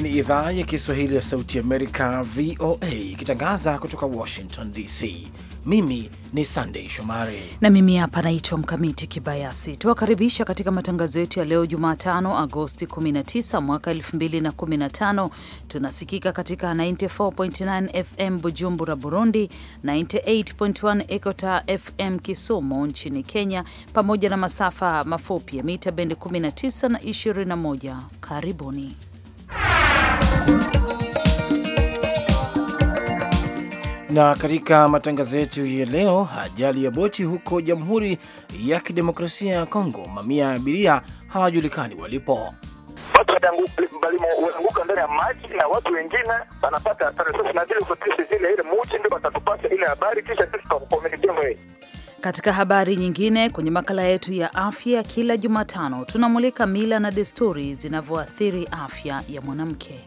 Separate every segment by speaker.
Speaker 1: Hii ni idhaa ya Kiswahili ya Sauti Amerika, VOA, ikitangaza kutoka Washington DC. Mimi ni Sandey Shomari
Speaker 2: na mimi hapa naitwa Mkamiti Kibayasi. Tuwakaribisha katika matangazo yetu ya leo Jumatano, Agosti 19 mwaka 2015. Tunasikika katika 94.9 FM Bujumbura, Burundi, 98.1 Ekota FM Kisumu nchini Kenya, pamoja na masafa mafupi ya mita bendi 19 na 21. Karibuni
Speaker 1: na katika matangazo yetu ya leo, ajali ya boti huko Jamhuri ya Kidemokrasia ya Kongo, mamia ya abiria hawajulikani walipo. Watu
Speaker 3: walianguka ndani ya maji na watu wengine wanapata zile ile muji ndio watatupata ile habari kisha sisi tukakukomunikia mwenyewe.
Speaker 2: Katika habari nyingine, kwenye makala yetu ya afya kila Jumatano tunamulika mila na desturi zinavyoathiri afya ya mwanamke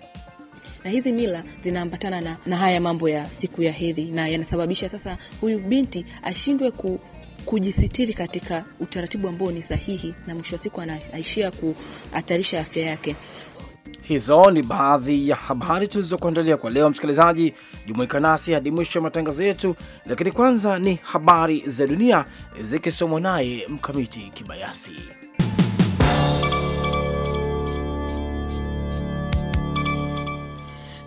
Speaker 4: na hizi mila zinaambatana na, na haya mambo ya siku ya hedhi na yanasababisha sasa huyu binti ashindwe ku, kujisitiri katika utaratibu ambao ni sahihi, na mwisho wa siku anaishia kuhatarisha afya yake.
Speaker 1: Hizo ni baadhi ya habari tulizokuandalia kwa leo. Msikilizaji, jumuika nasi hadi mwisho ya matangazo yetu, lakini kwanza ni habari za dunia zikisomwa naye Mkamiti Kibayasi.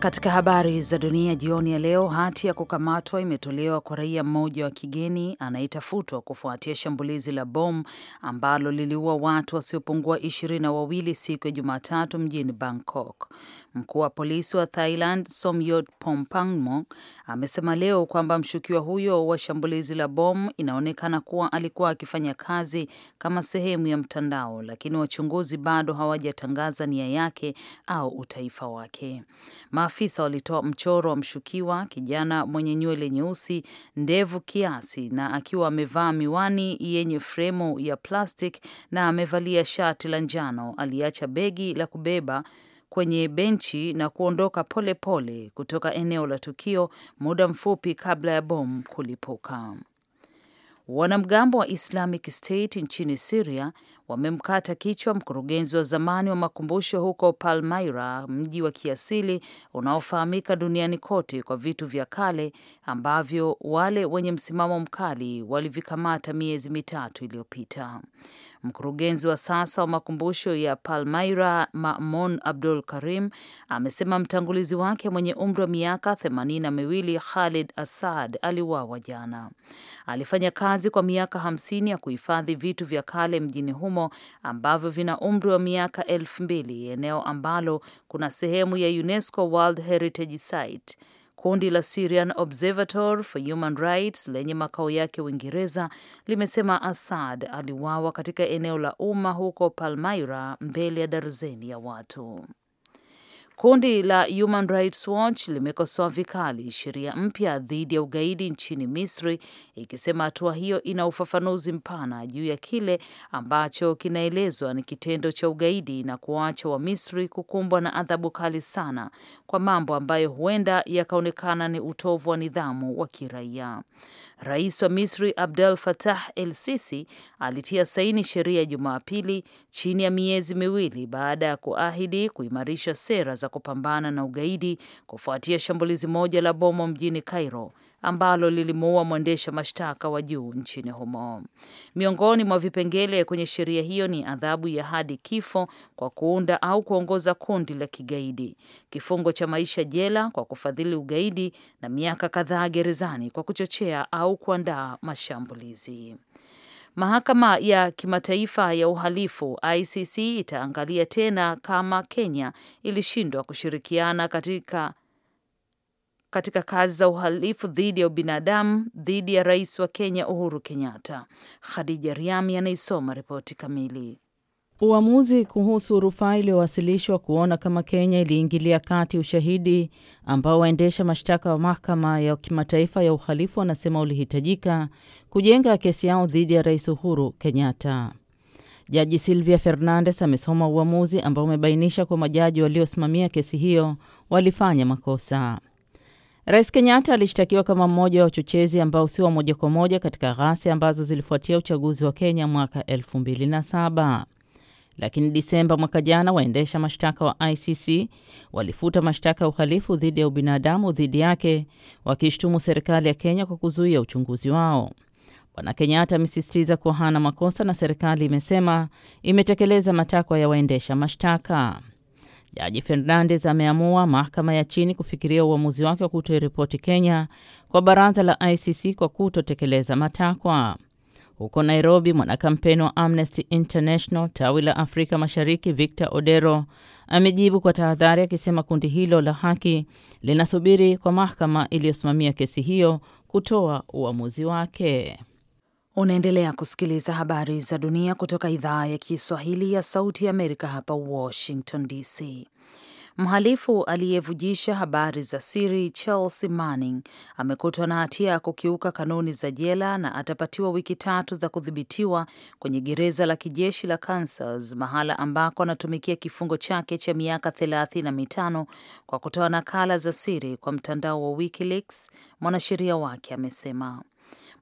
Speaker 2: Katika habari za dunia jioni ya leo, hati ya kukamatwa imetolewa kwa raia mmoja wa kigeni anayetafutwa kufuatia shambulizi la bomu ambalo liliua watu wasiopungua ishirini na wawili siku ya Jumatatu mjini Bangkok. Mkuu wa polisi wa Thailand Somyot pompangmo amesema leo kwamba mshukiwa huyo wa shambulizi la bomu inaonekana kuwa alikuwa akifanya kazi kama sehemu ya mtandao, lakini wachunguzi bado hawajatangaza nia yake au utaifa wake maafisa walitoa mchoro wa mshukiwa kijana mwenye nywele nyeusi, ndevu kiasi, na akiwa amevaa miwani yenye fremu ya plastic na amevalia shati la njano. Aliacha begi la kubeba kwenye benchi na kuondoka polepole pole kutoka eneo la tukio muda mfupi kabla ya bomu kulipuka. Wanamgambo wa Islamic State nchini Syria wamemkata kichwa mkurugenzi wa zamani wa makumbusho huko Palmaira, mji wa kiasili unaofahamika duniani kote kwa vitu vya kale ambavyo wale wenye msimamo mkali walivikamata miezi mitatu iliyopita. Mkurugenzi wa sasa wa makumbusho ya Palmaira, Mamun Abdul Karim, amesema mtangulizi wake mwenye umri wa miaka themanini na miwili Khalid Assad aliuawa jana. Alifanya kazi kwa miaka hamsini ya kuhifadhi vitu vya kale mjini humo humo ambavyo vina umri wa miaka elfu mbili eneo ambalo kuna sehemu ya UNESCO World Heritage Site. Kundi la Syrian Observatory for Human Rights lenye makao yake Uingereza limesema Assad aliwawa katika eneo la umma huko Palmaira mbele ya darzeni ya watu. Kundi la Human Rights Watch limekosoa vikali sheria mpya dhidi ya ugaidi nchini Misri, ikisema hatua hiyo ina ufafanuzi mpana juu ya kile ambacho kinaelezwa ni kitendo cha ugaidi na wa misri kukumbwa na adhabu kali sana kwa mambo ambayo huenda yakaonekana ni utovu wa nidhamu wa kiraia. Rais wa Misri Abdel Fattah El Sisi alitia saini sheria Jumapili, chini ya miezi miwili baada ya kuahidi kuimarisha sera za kupambana na ugaidi kufuatia shambulizi moja la bomo mjini Cairo ambalo lilimuua mwendesha mashtaka wa juu nchini humo. Miongoni mwa vipengele kwenye sheria hiyo ni adhabu ya hadi kifo kwa kuunda au kuongoza kundi la kigaidi, kifungo cha maisha jela kwa kufadhili ugaidi na miaka kadhaa gerezani kwa kuchochea au kuandaa mashambulizi. Mahakama ya Kimataifa ya Uhalifu ICC itaangalia tena kama Kenya ilishindwa kushirikiana katika katika kazi za uhalifu dhidi ya ubinadamu dhidi ya rais wa Kenya Uhuru Kenyatta. Khadija Riami anaisoma ripoti kamili.
Speaker 5: Uamuzi kuhusu rufaa iliyowasilishwa kuona kama Kenya iliingilia kati ushahidi ambao waendesha mashtaka wa mahakama ya kimataifa ya uhalifu wanasema ulihitajika kujenga kesi yao dhidi ya Rais Uhuru Kenyatta. Jaji Silvia fernandes amesoma uamuzi ambao umebainisha kwa majaji waliosimamia kesi hiyo walifanya makosa. Rais Kenyatta alishtakiwa kama mmoja wa wachochezi ambao si wa moja kwa moja katika ghasia ambazo zilifuatia uchaguzi wa Kenya mwaka 2007. Lakini Disemba mwaka jana waendesha mashtaka wa ICC walifuta mashtaka ya uhalifu dhidi ya ubinadamu dhidi yake wakishtumu serikali ya Kenya kwa kuzuia uchunguzi wao. Bwana Kenyatta amesisitiza kuwa hana makosa na serikali imesema imetekeleza matakwa ya waendesha mashtaka. Jaji Fernandez ameamua mahakama ya chini kufikiria uamuzi wake wa kutoiripoti Kenya kwa baraza la ICC kwa kutotekeleza matakwa. Huko Nairobi, mwanakampeni wa Amnesty International tawi la Afrika Mashariki, Victor Odero amejibu kwa tahadhari akisema kundi hilo la haki linasubiri kwa mahakama iliyosimamia kesi hiyo kutoa uamuzi wake.
Speaker 2: Unaendelea kusikiliza habari za dunia kutoka idhaa ya Kiswahili ya Sauti ya Amerika hapa Washington DC. Mhalifu aliyevujisha habari za siri Chelsea Manning amekutwa na hatia ya kukiuka kanuni za jela na atapatiwa wiki tatu za kudhibitiwa kwenye gereza la kijeshi la Kansas, mahala ambako anatumikia kifungo chake cha miaka thelathini na mitano kwa kutoa nakala za siri kwa mtandao wa WikiLeaks, mwanasheria wake amesema.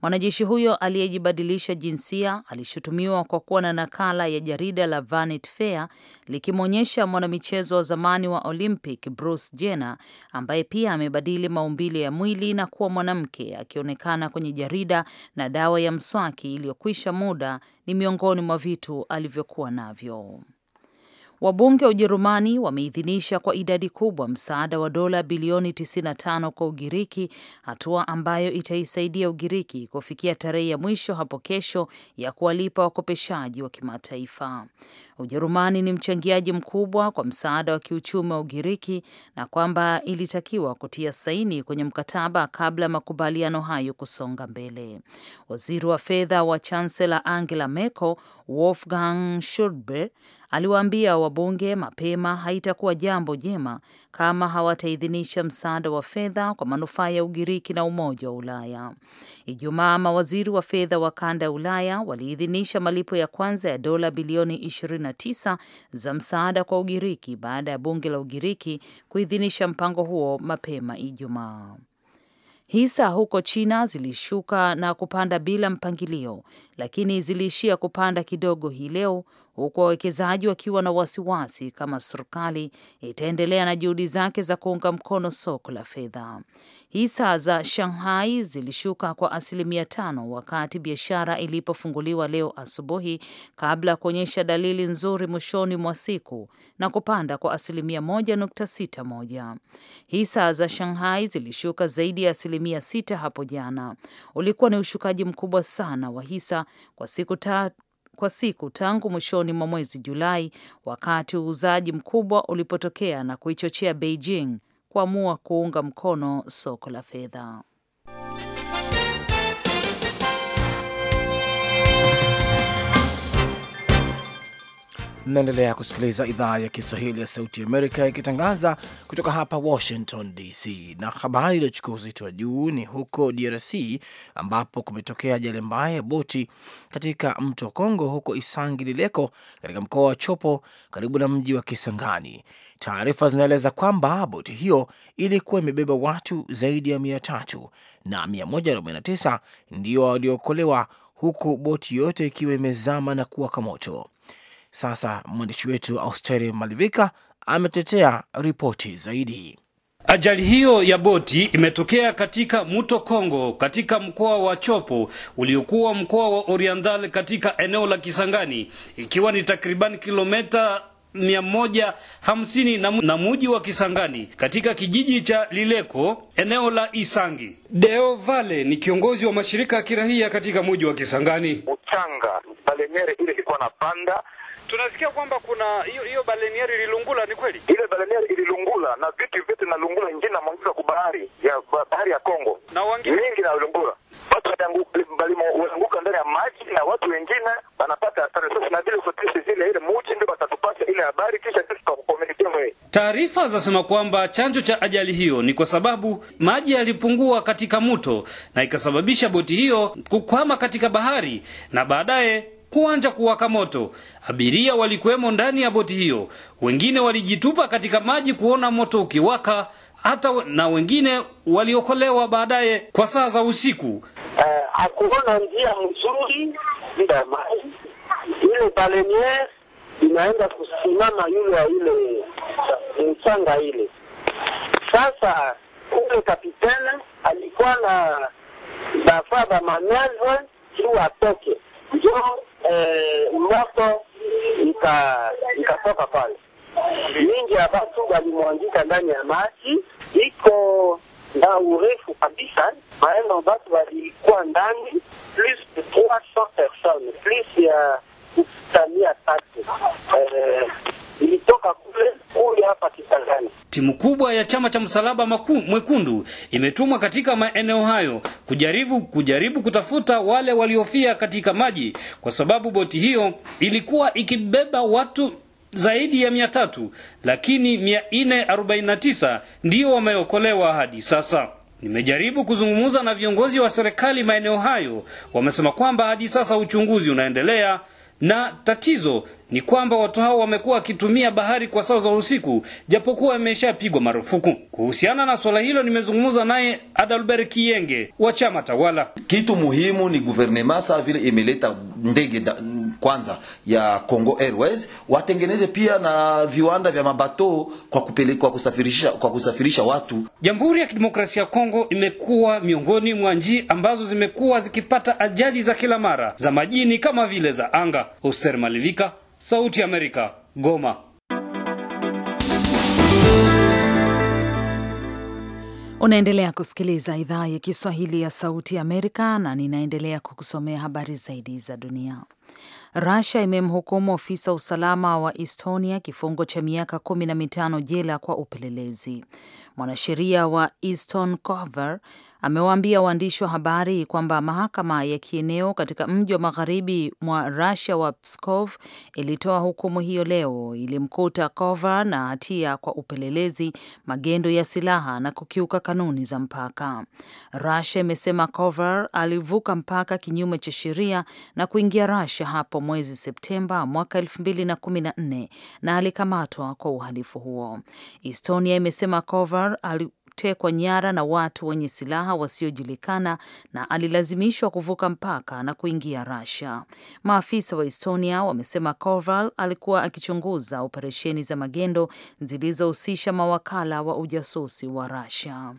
Speaker 2: Mwanajeshi huyo aliyejibadilisha jinsia alishutumiwa kwa kuwa na nakala ya jarida la Vanity Fair likimwonyesha mwanamichezo wa zamani wa Olympic Bruce Jenner ambaye pia amebadili maumbile ya mwili na kuwa mwanamke akionekana kwenye jarida, na dawa ya mswaki iliyokwisha muda ni miongoni mwa vitu alivyokuwa navyo. Wabunge wa Ujerumani wameidhinisha kwa idadi kubwa msaada wa dola bilioni 95 kwa Ugiriki, hatua ambayo itaisaidia Ugiriki kufikia tarehe ya mwisho hapo kesho ya kuwalipa wakopeshaji wa kimataifa. Ujerumani ni mchangiaji mkubwa kwa msaada wa kiuchumi wa Ugiriki na kwamba ilitakiwa kutia saini kwenye mkataba kabla makubaliano hayo kusonga mbele. Waziri wa fedha wa Chancellor Angela Merkel Wolfgang Schulbe Aliwaambia wabunge mapema haitakuwa jambo jema kama hawataidhinisha msaada wa fedha kwa manufaa ya Ugiriki na Umoja wa Ulaya. Ijumaa, mawaziri wa fedha wa kanda ya Ulaya waliidhinisha malipo ya kwanza ya dola bilioni 29 za msaada kwa Ugiriki baada ya bunge la Ugiriki kuidhinisha mpango huo mapema Ijumaa. Hisa huko China zilishuka na kupanda bila mpangilio, lakini ziliishia kupanda kidogo hii leo huku wawekezaji wakiwa na wasiwasi kama serikali itaendelea na juhudi zake za kuunga mkono soko la fedha. Hisa za Shanghai zilishuka kwa asilimia tano wakati biashara ilipofunguliwa leo asubuhi kabla ya kuonyesha dalili nzuri mwishoni mwa siku na kupanda kwa asilimia moja nukta sita moja. Hisa za Shanghai zilishuka zaidi ya asilimia sita hapo jana. Ulikuwa ni ushukaji mkubwa sana wa hisa kwa siku ta kwa siku tangu mwishoni mwa mwezi Julai, wakati uuzaji mkubwa ulipotokea na kuichochea Beijing kuamua kuunga mkono soko la fedha.
Speaker 1: Mnaendelea kusikiliza idhaa ya Kiswahili ya Sauti Amerika ikitangaza kutoka hapa Washington DC, na habari iliyochukua uzito wa juu ni huko DRC ambapo kumetokea ajali mbaya ya boti katika mto Kongo, huko Isangi Lileko katika mkoa wa Chopo karibu na mji wa Kisangani. Taarifa zinaeleza kwamba boti hiyo ilikuwa imebeba watu zaidi ya mia tatu na 149 ndio waliokolewa, huku boti yote ikiwa imezama na kuwaka moto. Sasa mwandishi wetu Austeri Malivika ametetea ripoti
Speaker 6: zaidi. Ajali hiyo ya boti imetokea katika mto Kongo katika mkoa wa Chopo uliokuwa mkoa wa Oriental katika eneo la Kisangani ikiwa ni takriban kilomita 150 na, muji wa Kisangani katika kijiji cha Lileko eneo la Isangi. Deo Vale ni kiongozi wa mashirika ya kirahia katika muji wa Kisangani. Uchanga baleniere ile ilikuwa na panda tunasikia kwamba kuna hiyo hiyo balenieri ililungula, ni kweli? Ile balenieri ililungula na vitu vyote na lungula ingine namwangika kwa bahari
Speaker 3: ya bahari ya Kongo na wangine mingi na lungula, watu walianguka ndani ya maji na watu
Speaker 6: wengine wanapata hasara. Sasa tunabidi kutisi zile ile muji ndio watatu ile habari, kisha sisi tutakukomunikia wewe. Taarifa zasema kwamba chanzo cha ajali hiyo ni kwa sababu maji yalipungua katika mto na ikasababisha boti hiyo kukwama katika bahari na baadaye kuanja kuwaka moto. Abiria walikuwemo ndani ya boti hiyo, wengine walijitupa katika maji kuona moto ukiwaka hata na wengine waliokolewa baadaye kwa saa za usiku. Eh, hakuona uh, njia mzuri maji
Speaker 3: ile baleniere inaenda kusimama yule wa ile mchanga ile. Sasa ule kapitana alikuwa na bafaa ba manyazwe juu atoke jo, eh, moto ikatoka pale mingi ya batu balimwangika ndani ya maji iko na urefu kabisa, maeno batu walikuwa ndani plus de 300 personnes plus ya tatu eh, ilitoka kule
Speaker 6: hapa Kisangani. Timu kubwa ya chama cha Msalaba Mwekundu imetumwa katika maeneo hayo kujaribu kujaribu kutafuta wale waliofia katika maji, kwa sababu boti hiyo ilikuwa ikibeba watu zaidi ya mia tatu, lakini mia nne arobaini na tisa ndio wameokolewa hadi sasa. Nimejaribu kuzungumza na viongozi wa serikali maeneo hayo, wamesema kwamba hadi sasa uchunguzi unaendelea na tatizo ni kwamba watu hao wamekuwa wakitumia bahari kwa saa za usiku japokuwa imeshapigwa marufuku. Kuhusiana na swala hilo, nimezungumza naye Adalbert Kiyenge wa chama tawala. Kitu muhimu ni guvernema, saa vile imeleta
Speaker 7: ndege kwanza ya Congo Airways, watengeneze pia na
Speaker 6: viwanda vya mabato kwa kupeleka kusafirisha, kwa kusafirisha watu. Jamhuri ya Kidemokrasia ya Kongo imekuwa miongoni mwa nchi ambazo zimekuwa zikipata ajali za kila mara za majini kama vile za anga. Hoser Malivika, Sauti ya Amerika, Goma.
Speaker 2: Unaendelea kusikiliza idhaa ya Kiswahili ya Sauti ya Amerika na ninaendelea kukusomea habari zaidi za dunia. Rasia imemhukumu ofisa usalama wa Estonia kifungo cha miaka kumi na mitano jela kwa upelelezi. Mwanasheria wa Eston Cover amewaambia waandishi wa habari kwamba mahakama ya kieneo katika mji wa magharibi mwa Rusia wa Pskov ilitoa hukumu hiyo leo, ilimkuta kova na hatia kwa upelelezi, magendo ya silaha na kukiuka kanuni za mpaka. Rusia imesema Kovar alivuka mpaka kinyume cha sheria na kuingia Rusia hapo mwezi Septemba mwaka 2014 na alikamatwa kwa uhalifu huo. Estonia imesema Kovar kutekwa nyara na watu wenye silaha wasiojulikana na alilazimishwa kuvuka mpaka na kuingia Russia. Maafisa wa Estonia wamesema coval alikuwa akichunguza operesheni za magendo zilizohusisha mawakala wa ujasusi wa Russia.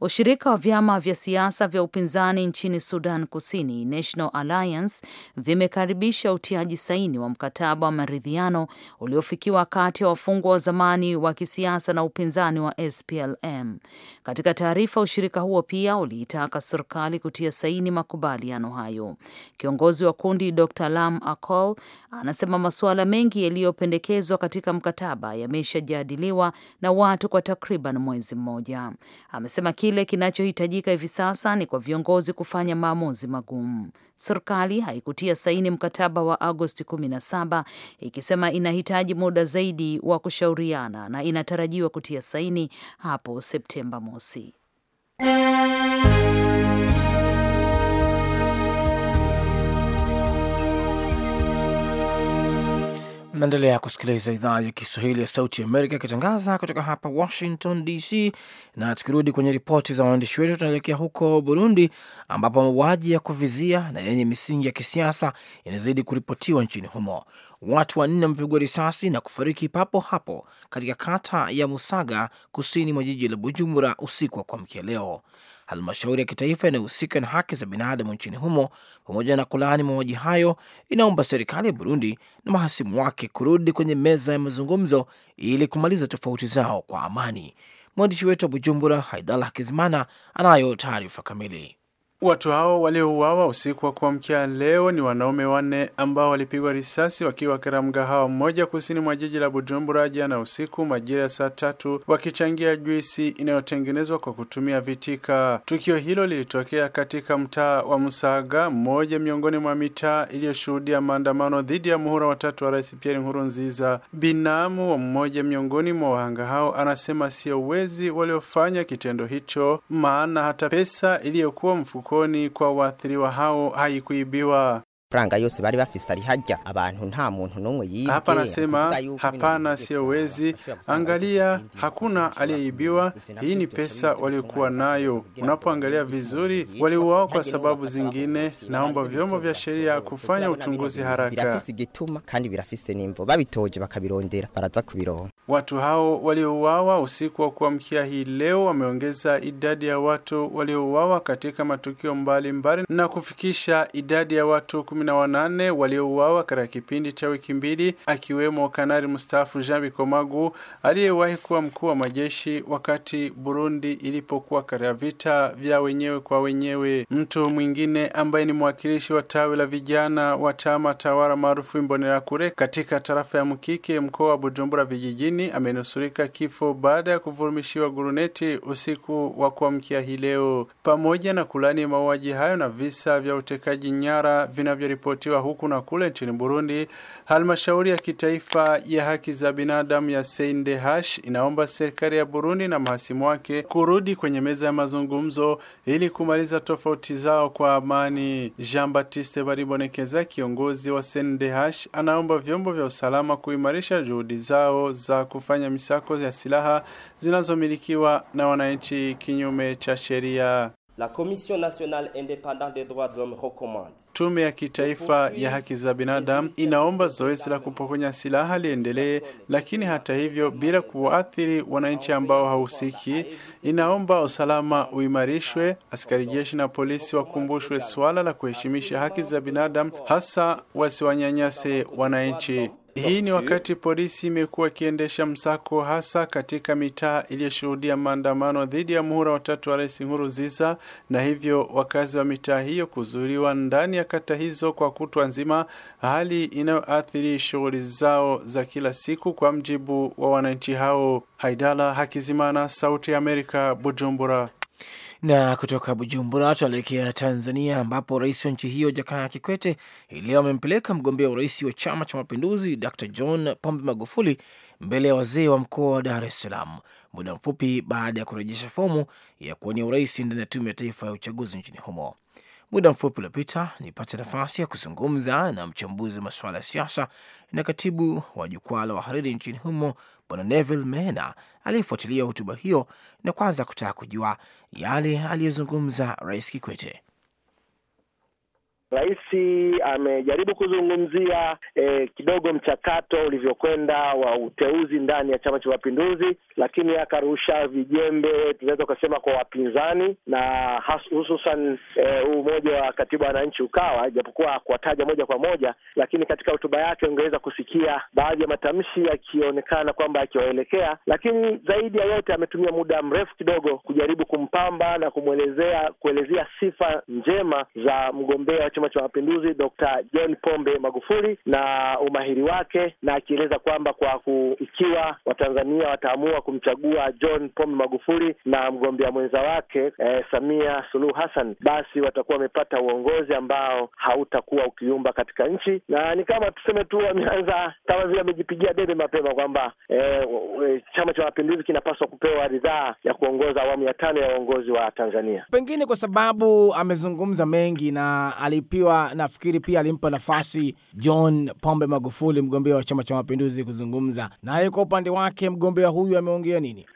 Speaker 2: Ushirika wa vyama vya siasa vya upinzani nchini Sudan Kusini, National Alliance, vimekaribisha utiaji saini wa mkataba wa maridhiano uliofikiwa kati ya wafungwa wa zamani wa kisiasa na upinzani wa SPLM. Katika taarifa, ushirika huo pia uliitaka serikali kutia saini makubaliano hayo. Kiongozi wa kundi Dr Lam Akol anasema masuala mengi yaliyopendekezwa katika mkataba yameshajadiliwa na watu kwa takriban mwezi mmoja. Amesema kile kinachohitajika hivi sasa ni kwa viongozi kufanya maamuzi magumu. Serikali haikutia saini mkataba wa Agosti 17 ikisema inahitaji muda zaidi wa kushauriana na inatarajiwa kutia saini hapo Septemba. Septemba mosi.
Speaker 1: Naendelea kusikiliza idhaa ya Kiswahili ya Sauti Amerika ikitangaza kutoka hapa Washington DC. Na tukirudi kwenye ripoti za waandishi wetu, tunaelekea huko Burundi ambapo mauaji ya kuvizia na yenye misingi ya kisiasa inazidi kuripotiwa nchini humo. Watu wanne wamepigwa risasi na kufariki papo hapo katika kata ya Musaga kusini mwa jiji la Bujumbura usiku wa kuamkia leo. Halmashauri ya kitaifa inayohusika na haki za binadamu nchini humo, pamoja na kulaani mauaji hayo, inaomba serikali ya Burundi na mahasimu wake kurudi kwenye meza ya mazungumzo ili kumaliza tofauti zao kwa amani. Mwandishi wetu wa Bujumbura, Haidala Hakizimana, anayo taarifa kamili.
Speaker 8: Watu hao waliouawa usiku wa kuamkia leo ni wanaume wanne ambao walipigwa risasi wakiwa katika mgahawa mmoja kusini mwa jiji la Bujumbura jana usiku majira ya saa tatu wakichangia juisi inayotengenezwa kwa kutumia vitika. Tukio hilo lilitokea katika mtaa wa Musaga, mmoja miongoni mwa mitaa iliyoshuhudia maandamano dhidi ya muhula watatu wa Rais Pierre Nkurunziza. Binamu wa mmoja miongoni mwa wahanga hao anasema sio wezi waliofanya kitendo hicho, maana hata pesa iliyokuwa mfuko mfukoni kwa waathiriwa hao haikuibiwa.
Speaker 5: Pranga yose bari bafise ari hajya abantu nta muntu n'umwe yibwe. Hapa nasema
Speaker 8: hapana, sio wezi. Angalia, hakuna aliyeibiwa. Hii ni pesa waliokuwa nayo. Unapoangalia vizuri, waliuawa kwa sababu zingine. Naomba vyombo vya sheria kufanya uchunguzi haraka. Birafise
Speaker 5: gituma kandi birafise nimvo, babitoje bakabirondera baraza kubironka.
Speaker 8: Watu hao waliouawa usiku wa kuamkia hii leo wameongeza idadi ya watu waliouawa katika matukio mbalimbali mbali, na kufikisha idadi ya watu 18 waliouawa katika kipindi cha wiki mbili, akiwemo kanari mstaafu Jean Bikomagu aliyewahi kuwa mkuu wa majeshi wakati Burundi ilipokuwa katika vita vya wenyewe kwa wenyewe. Mtu mwingine ambaye ni mwakilishi wa tawi la vijana wa chama tawala maarufu Imbonerakure katika tarafa ya Mkike, mkoa wa Bujumbura vijijini, amenusurika kifo baada ya kuvurumishiwa guruneti usiku wa kuamkia hii leo. Pamoja na kulani mauaji hayo na visa vya utekaji nyara vinavyo vikiripotiwa huku na kule nchini Burundi, halmashauri ya kitaifa ya haki za binadamu ya CNDH inaomba serikali ya Burundi na mahasimu wake kurudi kwenye meza ya mazungumzo ili kumaliza tofauti zao kwa amani. Jean Baptiste Baribonekeza, kiongozi wa CNDH, anaomba vyombo vya usalama kuimarisha juhudi zao za kufanya misako ya silaha zinazomilikiwa na wananchi kinyume cha sheria.
Speaker 6: La Commission Nationale Independante des Droits de l'Homme recommande.
Speaker 8: Tume ya kitaifa ya haki za binadamu inaomba zoezi la kupokonya silaha liendelee, lakini hata hivyo bila kuwaathiri wananchi ambao hahusiki. Inaomba usalama uimarishwe, askari jeshi na polisi wakumbushwe swala la kuheshimisha haki za binadamu, hasa wasiwanyanyase wananchi. Hii ni wakati polisi imekuwa ikiendesha msako hasa katika mitaa iliyoshuhudia maandamano dhidi ya muhula watatu wa Rais Nkurunziza, na hivyo wakazi wa mitaa hiyo kuzuiliwa ndani ya kata hizo kwa kutwa nzima, hali inayoathiri shughuli zao za kila siku, kwa mjibu wa wananchi hao. Haidala Hakizimana, Sauti ya Amerika, Bujumbura.
Speaker 1: Na kutoka Bujumbura tunaelekea Tanzania, ambapo rais wa nchi hiyo Jakaya Kikwete hii leo amempeleka mgombea urais wa Chama cha Mapinduzi Dr John Pombe Magufuli mbele ya wazee wa mkoa wa Dar es Salaam muda mfupi baada ya kurejesha fomu ya kuwania urais ndani ya Tume ya Taifa ya Uchaguzi nchini humo. Muda mfupi uliopita nipate nafasi ya kuzungumza na mchambuzi wa masuala ya siasa na katibu wa jukwaa la wahariri nchini humo Bwana Neville Meena aliyefuatilia hotuba hiyo, na kwanza kutaka kujua yale aliyozungumza Rais Kikwete.
Speaker 3: Raisi amejaribu kuzungumzia eh, kidogo mchakato ulivyokwenda wa uteuzi ndani ya Chama cha Mapinduzi, lakini akarusha vijembe, tunaweza ukasema kwa wapinzani na hususan eh, huu e, umoja wa katiba wananchi Ukawa, ijapokuwa kuwataja moja kwa moja, lakini katika hotuba yake ungeweza kusikia baadhi ya matamshi yakionekana kwamba akiwaelekea, lakini zaidi ya yote ametumia muda mrefu kidogo kujaribu kumpamba na kumwelezea kuelezea sifa njema za mgombea wa Chama cha Mapinduzi Dr. John Pombe Magufuli na umahiri wake, na akieleza kwamba kwa ku, ikiwa Watanzania wataamua kumchagua John Pombe Magufuli na mgombea mwenza wake eh, Samia Suluhu Hassan, basi watakuwa wamepata uongozi ambao hautakuwa ukiumba katika nchi, na ni kama tuseme tu wameanza kama vile wamejipigia debe mapema kwamba eh, Chama cha Mapinduzi kinapaswa kupewa ridhaa ya kuongoza awamu ya tano ya uongozi wa Tanzania.
Speaker 1: Pengine kwa sababu amezungumza mengi na alipiwa, nafikiri pia alimpa nafasi John Pombe Magufuli, mgombea wa Chama cha Mapinduzi, kuzungumza naye kwa upande wake. Mgombea huyu ame anaongea nini?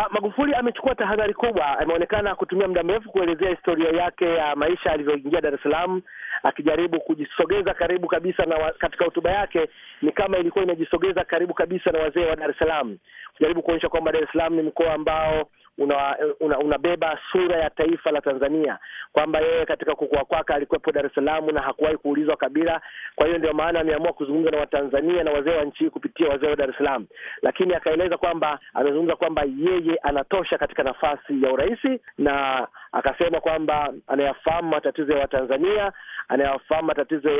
Speaker 3: Ah, Magufuli amechukua tahadhari kubwa, ameonekana kutumia muda mrefu kuelezea historia yake ya maisha alivyoingia Dar es Salaam, akijaribu kujisogeza karibu kabisa na wa, katika hotuba yake ni kama ilikuwa inajisogeza karibu kabisa na wazee wa Dar es Salaam, kujaribu kuonyesha kwamba Dar es Salaam ni mkoa ambao una, una, unabeba sura ya taifa la Tanzania kwamba yeye katika kukua kwake alikuwepo Dar es Salaam na hakuwahi kuulizwa kabila. Kwa hiyo ndio maana ameamua kuzungumza na Watanzania na wazee wa nchi hii kupitia wazee wa Dar es Salaam, lakini akaeleza kwamba amezungumza kwamba yeye anatosha katika nafasi ya urais na akasema kwamba anayafahamu matatizo ya Watanzania, anayafahamu matatizo ya,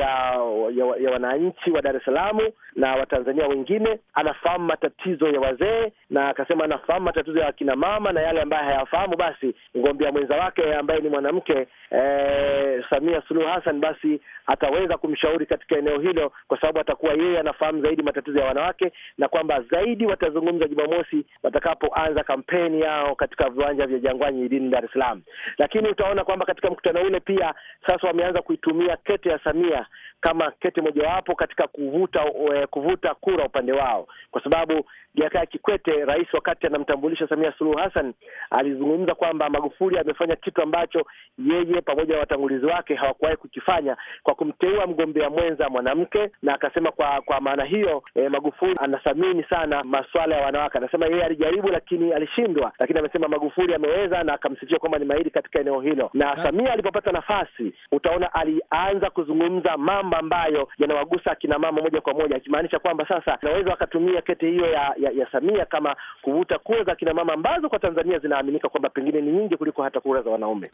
Speaker 3: ya, ya wananchi wa Dar es Salaam na Watanzania wengine, anafahamu matatizo ya wazee, na akasema anafahamu matatizo ya wakina mama na yale ambayo hayafahamu, basi mgombea mwenza wake ambaye ni mwanamke eh, Samia Suluhu Hassan basi ataweza kumshauri katika eneo hilo, kwa sababu atakuwa yeye anafahamu zaidi matatizo ya wanawake, na kwamba zaidi watazungumza Jumamosi watakapoanza kampeni yao katika viwanja vya Jangwani jijini Dar es Salaam. Lakini utaona kwamba katika mkutano ule pia sasa wameanza kuitumia kete ya Samia kama kete mojawapo katika kuvuta eh, kuvuta kura upande wao, kwa sababu Jakaya Kikwete, rais, wakati anamtambulisha Samia Suluhu Hassan, alizungumza kwamba Magufuli amefanya kitu ambacho yeye pamoja na watangulizi wake hawakuwahi kukifanya kwa kumteua mgombea mwenza mwanamke, na akasema kwa kwa maana hiyo eh, Magufuli anathamini sana masuala ya wanawake. Anasema yeye alijaribu lakini alishindwa, lakini amesema Magufuli ameweza na akamsifia kwamba ni mahiri katika eneo hilo. Na Samia alipopata nafasi, utaona alianza kuzungumza mambo ambayo yanawagusa akina mama moja kwa moja, akimaanisha kwamba sasa anaweza wakatumia kete hiyo ya ya, ya Samia kama kuvuta kura za kina mama ambazo kwa Tanzania zinaaminika kwamba pengine ni nyingi kuliko hata kura za wanaume.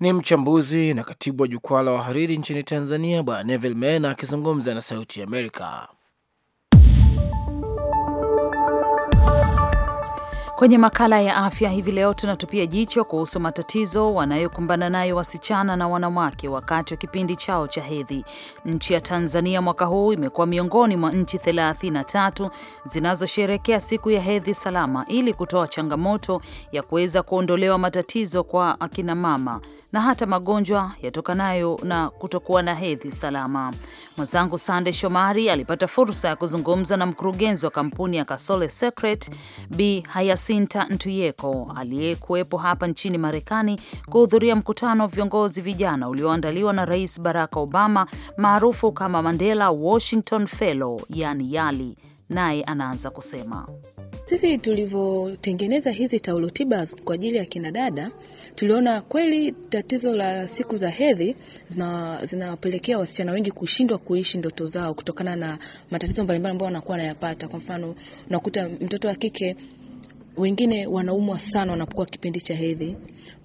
Speaker 1: Ni mchambuzi na katibu wa jukwaa la wahariri nchini Tanzania Bwana Neville Mena akizungumza na Sauti ya Amerika.
Speaker 2: Kwenye makala ya afya hivi leo tunatupia jicho kuhusu matatizo wanayokumbana nayo wasichana na wanawake wakati wa kipindi chao cha hedhi. Nchi ya Tanzania mwaka huu imekuwa miongoni mwa nchi 33 zinazosherekea siku ya hedhi salama ili kutoa changamoto ya kuweza kuondolewa matatizo kwa akinamama na hata magonjwa yatokanayo na kutokuwa na hedhi salama. Mwenzangu Sande Shomari alipata fursa ya kuzungumza na mkurugenzi wa kampuni ya Kasole Secret Bi Hayasinta Ntuyeko aliyekuwepo hapa nchini Marekani kuhudhuria mkutano wa viongozi vijana ulioandaliwa na Rais Barack Obama maarufu kama Mandela Washington Fellow, yani YALI, naye anaanza kusema
Speaker 4: sisi tulivyotengeneza hizi taulo tiba kwa ajili ya kina dada tuliona kweli tatizo la siku za hedhi zinawapelekea zina wasichana wengi kushindwa kuishi ndoto zao kutokana na matatizo mbalimbali ambayo wanakuwa wanayapata. Kwa mfano, unakuta mtoto wa kike wengine wanaumwa sana wanapokuwa kipindi cha hedhi,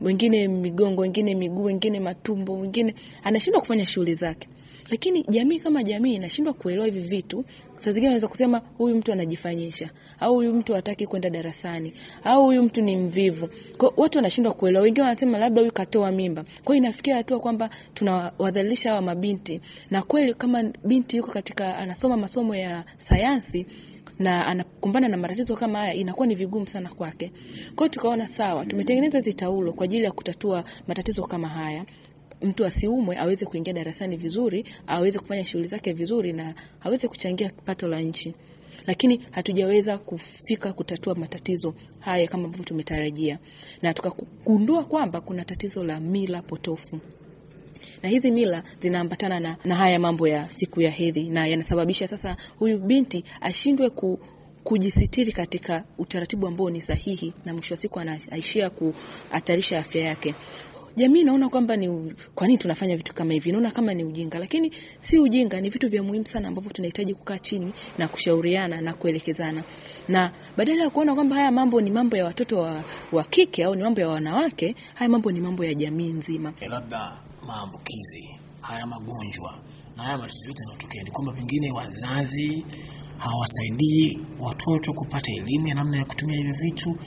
Speaker 4: wengine migongo, wengine miguu, wengine matumbo, wengine anashindwa kufanya shughuli zake. Lakini jamii kama jamii inashindwa kuelewa hivi vitu. Saa zingine anaweza kusema huyu mtu anajifanyisha, au huyu mtu hataki kwenda darasani, au huyu mtu ni mvivu. Kwa watu wanashindwa kuelewa, wengine wanasema labda huyu katoa mimba. Kwa hiyo inafikia hatua kwamba tunawadhalilisha hawa mabinti, na kweli kama binti yuko katika anasoma masomo ya sayansi na anakumbana na matatizo kama haya, inakuwa ni vigumu sana kwake. Kwa hiyo tukaona sawa, tumetengeneza hizi taulo kwa ajili ya kutatua matatizo kama haya mtu asiumwe, aweze kuingia darasani vizuri, aweze kufanya shughuli zake vizuri na aweze kuchangia pato la nchi lakini hatujaweza kufika kutatua matatizo haya kama ambavyo tumetarajia, na tukagundua kwamba kuna tatizo la mila potofu, na hizi mila zinaambatana na, na haya mambo ya siku ya hedhi, na yanasababisha sasa huyu binti ashindwe ku kujisitiri katika utaratibu ambao ni sahihi, na mwisho wa siku anaishia kuhatarisha afya yake jamii naona kwamba ni kwa nini tunafanya vitu kama hivi, naona kama ni ujinga, lakini si ujinga, ni vitu vya muhimu sana ambavyo tunahitaji kukaa chini na kushauriana na kuelekezana, na badala ya kuona kwamba haya mambo ni mambo ya watoto wa, wa kike au ni mambo ya wanawake, haya mambo ni mambo ya jamii nzima. Eh, labda maambukizi
Speaker 1: haya magonjwa na haya matatizo yote yanayotokea ni kwamba pengine wazazi hawasaidii watoto kupata elimu ya namna ya kutumia hivyo vitu,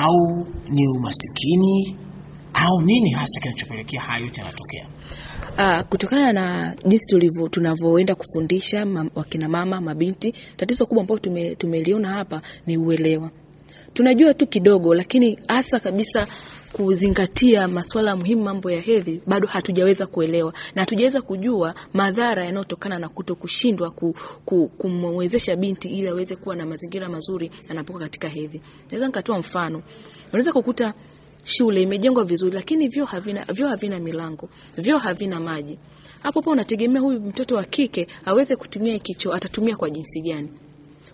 Speaker 1: au ni umasikini au nini hasa kinachopelekea haya yote yanatokea?
Speaker 4: Uh, kutokana na jinsi tulivyo tunavyoenda kufundisha mam, wakina mama mabinti, tatizo kubwa ambalo tume, tumeliona hapa ni uelewa. Tunajua tu kidogo, lakini hasa kabisa kuzingatia masuala muhimu, mambo ya hedhi, bado hatujaweza kuelewa na hatujaweza kujua madhara yanayotokana na kuto kushindwa ku, ku, kumwezesha binti ili aweze kuwa na mazingira mazuri anapoka katika hedhi. Naweza nikatoa mfano, unaweza kukuta shule imejengwa vizuri, lakini vyo havina, vyo havina milango, vyo havina maji. Hapo hapo unategemea huyu mtoto wa kike aweze kutumia hiki choo, atatumia kwa jinsi gani?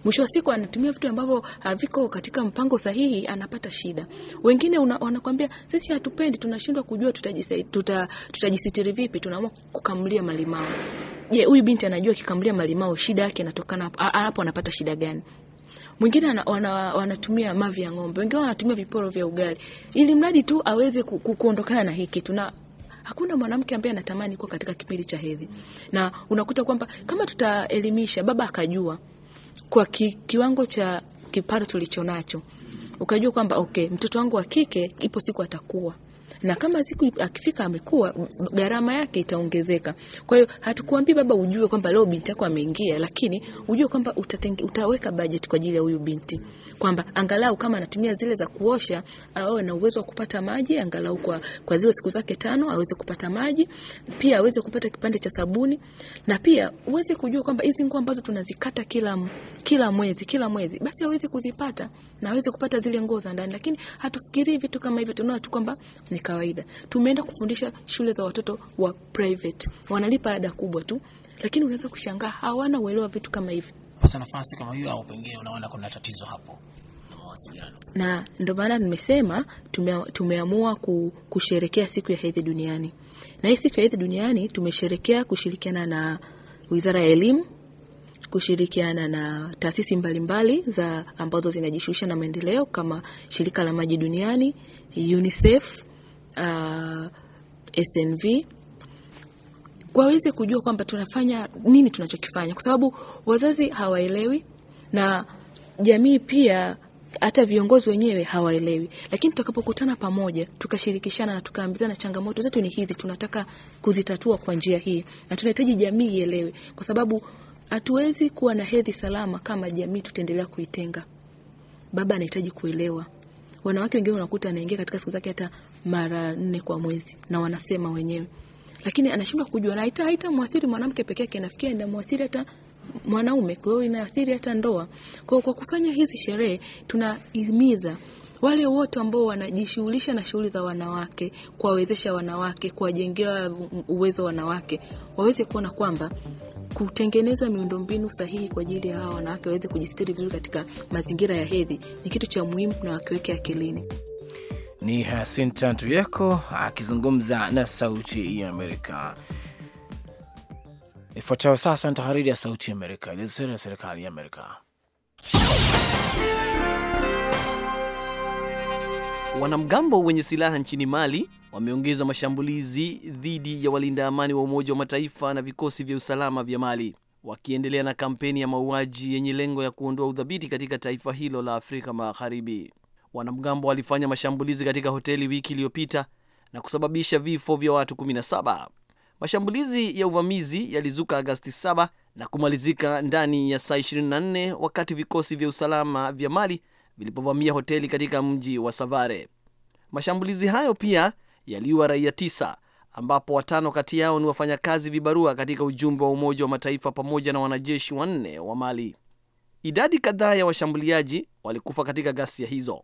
Speaker 4: Mwisho wa siku anatumia vitu ambavyo haviko katika mpango sahihi, anapata shida. Wengine wanakwambia sisi hatupendi, tunashindwa kujua tutajisitiri tuta, tuta vipi, tunaamua kukamlia malimao. Je, huyu binti anajua akikamlia malimao shida yake inatokana hapo, anapata shida gani? mwingine wana, wanatumia mavi ya ng'ombe, wengine wanatumia viporo vya ugali, ili mradi tu aweze kuondokana na hii kitu na hakuna mwanamke ambaye anatamani kuwa katika kipindi cha hedhi, na unakuta kwamba kama tutaelimisha, baba akajua kwa ki, kiwango cha kipato tulichonacho, ukajua kwamba okay, mtoto wangu wa kike ipo siku atakuwa na kama siku akifika amekuwa, gharama yake itaongezeka. Kwa hiyo hatukuambii baba ujue kwamba leo binti yako ameingia, lakini ujue kwamba utatenge, utaweka bajeti kwa ajili ya huyu binti kwamba angalau kama anatumia zile za kuosha awe na uwezo wa kupata maji angalau kwa, kwa zile siku zake tano aweze kupata maji, pia aweze kupata kipande cha sabuni, na pia uweze kujua kwamba hizi nguo ambazo tunazikata kila, kila mwezi kila mwezi basi aweze kuzipata na aweze kupata zile nguo za ndani, lakini hatufikirii vitu kama hivyo. Tunaona tu kwamba ni kawaida. Tumeenda kufundisha shule za watoto wa private, wanalipa ada kubwa tu, lakini unaweza kushangaa hawana uelewa vitu kama hivi.
Speaker 1: Pata nafasi kama hiyo, au pengine unaona kuna tatizo hapo
Speaker 4: na ndio maana nimesema tumeamua kusherekea siku ya hedhi duniani, na hii siku ya hedhi duniani tumesherekea kushirikiana na Wizara ya Elimu kushirikiana na taasisi mbalimbali za ambazo zinajishughulisha na maendeleo kama shirika la maji duniani, UNICEF, uh, SNV waweze kujua kwamba tunafanya nini tunachokifanya, kwa sababu wazazi hawaelewi na jamii pia hata viongozi wenyewe hawaelewi, lakini tutakapokutana pamoja tukashirikishana na tukaambizana, changamoto zetu ni hizi, tunataka kuzitatua kwa njia hii, na tunahitaji jamii ielewe, kwa sababu Hatuwezi kuwa na hedhi salama kama jamii tutaendelea kuitenga. Baba anahitaji kuelewa. Wanawake wengine unakuta anaingia katika siku zake hata mara nne kwa mwezi, na wanasema wenyewe, lakini anashindwa kujua, na haitamwathiri mwanamke peke yake, nafikia inamwathiri hata mwanaume, kwa hiyo inaathiri hata ndoa. Kwa hiyo kwa kufanya hizi sherehe tunahimiza wale wote ambao wanajishughulisha na shughuli za wanawake, kuwawezesha wanawake, kuwajengea uwezo wanawake, waweze kuona kwamba kutengeneza miundombinu sahihi kwa ajili ya hawa wanawake waweze kujistiri vizuri katika mazingira ya hedhi ni kitu cha muhimu na wakiweke akilini.
Speaker 1: Ni Hasinta Ntuyeko akizungumza na Sauti ya Amerika. Ifuatayo sasa ni tahariri ya Sauti ya Amerika, ilizosera ya serikali ya Amerika. Wanamgambo wenye silaha nchini Mali
Speaker 7: wameongeza mashambulizi dhidi ya walinda amani wa Umoja wa Mataifa na vikosi vya usalama vya Mali, wakiendelea na kampeni ya mauaji yenye lengo ya kuondoa udhabiti katika taifa hilo la Afrika Magharibi. Wanamgambo walifanya mashambulizi katika hoteli wiki iliyopita na kusababisha vifo vya watu 17. Mashambulizi ya uvamizi yalizuka Agasti 7 na kumalizika ndani ya saa 24 wakati vikosi vya usalama vya Mali vilipovamia hoteli katika mji wa Savare. Mashambulizi hayo pia yaliua raia tisa, ambapo watano kati yao ni wafanyakazi vibarua katika ujumbe wa Umoja wa Mataifa pamoja na wanajeshi wanne wa Mali. Idadi kadhaa ya washambuliaji walikufa katika ghasia hizo.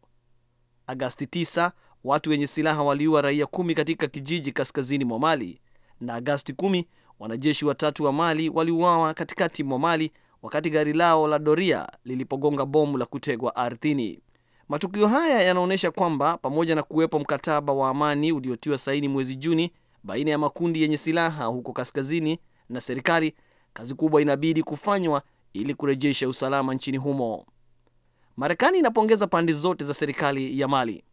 Speaker 7: Agasti 9 watu wenye silaha waliua raia kumi katika kijiji kaskazini mwa Mali, na Agasti 10 wanajeshi watatu wa Mali waliuawa katikati mwa Mali wakati gari lao la doria lilipogonga bomu la kutegwa ardhini. Matukio haya yanaonyesha kwamba pamoja na kuwepo mkataba wa amani uliotiwa saini mwezi Juni baina ya makundi yenye silaha huko kaskazini na serikali, kazi kubwa inabidi kufanywa ili kurejesha usalama nchini humo. Marekani inapongeza pande zote za serikali ya Mali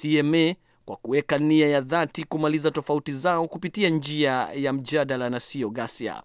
Speaker 7: CMA kwa kuweka nia ya dhati kumaliza tofauti zao kupitia njia ya mjadala na siyo ghasia.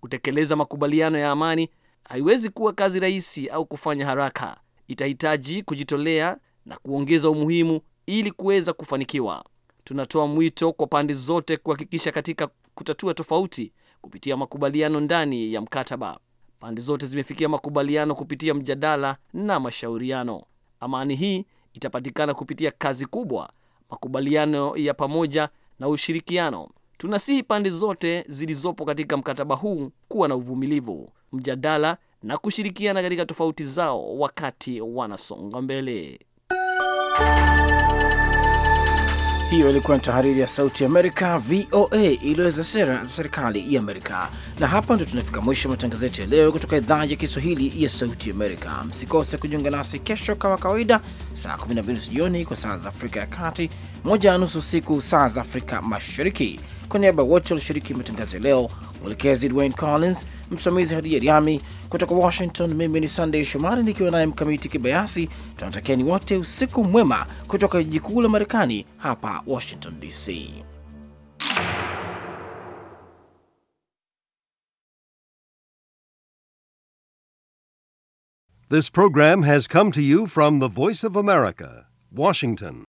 Speaker 7: Kutekeleza makubaliano ya amani haiwezi kuwa kazi rahisi au kufanya haraka. Itahitaji kujitolea na kuongeza umuhimu ili kuweza kufanikiwa. Tunatoa mwito kwa pande zote kuhakikisha katika kutatua tofauti kupitia makubaliano ndani ya mkataba, pande zote zimefikia makubaliano kupitia mjadala na mashauriano. Amani hii itapatikana kupitia kazi kubwa, makubaliano ya pamoja na ushirikiano. Tunasihi pande zote zilizopo katika mkataba huu kuwa na uvumilivu, mjadala na kushirikiana katika tofauti zao wakati wanasonga
Speaker 1: mbele. Hiyo ilikuwa ni tahariri ya Sauti Amerika, VOA, iliyoweza sera za serikali ya Amerika. Na hapa ndio tunafika mwisho matangazo yetu ya leo kutoka idhaa ya Kiswahili ya Sauti Amerika. Msikose kujiunga nasi kesho kama kawaida, saa 12 jioni kwa saa za Afrika ya Kati, moja na nusu usiku saa za Afrika Mashariki. Kwa niaba ya wote walioshiriki matangazo ya leo, mwelekezi Dwayne Collins, msimamizi Riami kutoka Washington, mimi ni Sunday Shomari nikiwa naye Mkamiti Kibayasi, tunatakieni wote usiku mwema kutoka jiji kuu la Marekani, hapa Washington DC.
Speaker 3: This program has come to you from the Voice of America, Washington.